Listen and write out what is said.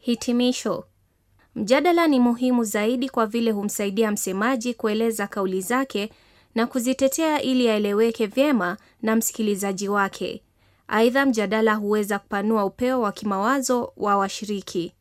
Hitimisho. Mjadala ni muhimu zaidi kwa vile humsaidia msemaji kueleza kauli zake na kuzitetea ili aeleweke vyema na msikilizaji wake. Aidha, mjadala huweza kupanua upeo wa kimawazo wa washiriki.